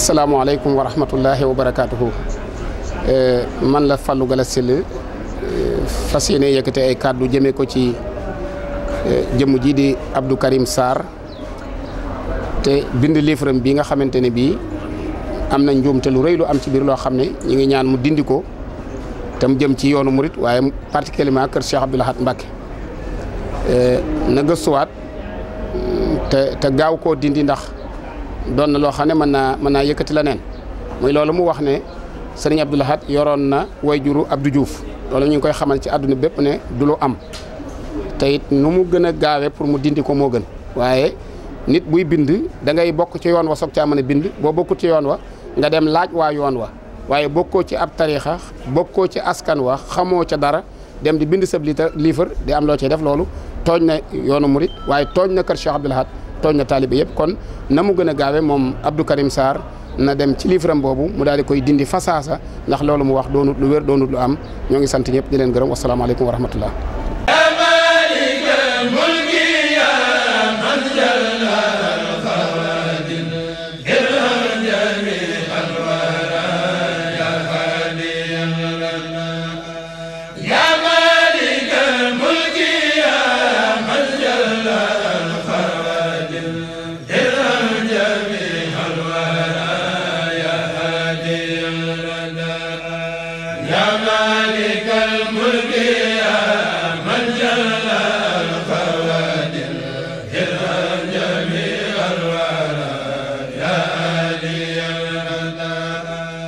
asalaamaaleykum wa rahmatullahi wa barakaatuhu eh, man la Fallou Galass Syll eh, fas yéene ay kàddu jëmee ko ci eh, jëmm ji di Abdou Karim Sarr te bind livre bi nga xamante ne bii am na njuumte lu rëy lu am ci biir loo xam ne ñu ngi ñaan mu dindi ko te mu jëm ci yoonu murit waaye particulièrement kër Cheikh Abdou Lahad Mbacké eh, na gëstuwaat te gaaw koo dindi ndax doon na loo xam ne mën naa mën naa yëkkati la neen muy loolu mu wax ne sëriñ Abdou Lahad yoroon na wayjuru abdu juuf loolu ñu ngi koy xamal ci àdduna bépp ne du lu am te nu mu gën a gaawee pour mu dindi ko moo gën waaye nit buy bind da ngay bokk ci yoon wa soog ca mën na bind boo bokkut ci yoon wa nga dem laaj waa yoon wa waaye bokkoo ci ab tariixa bokkoo ci askan wa xamoo ca dara dem di bind sab liifar di am loo cee def loolu tooñ na yoonu mu murit waaye tooñ na kër Cheikh Abdoul Ahad tooñ na taalibe yëpp kon na mu gën a gaawe moom Abdou Karim Sarr na dem ci liifaram boobu mu daal di koy dindi fa fasaasa ndax loolu mu wax doonut lu wér doonut lu am ñoo ngi sant ñëpp di leen gërëm wasalaamaaleykum wa يا مالك الملك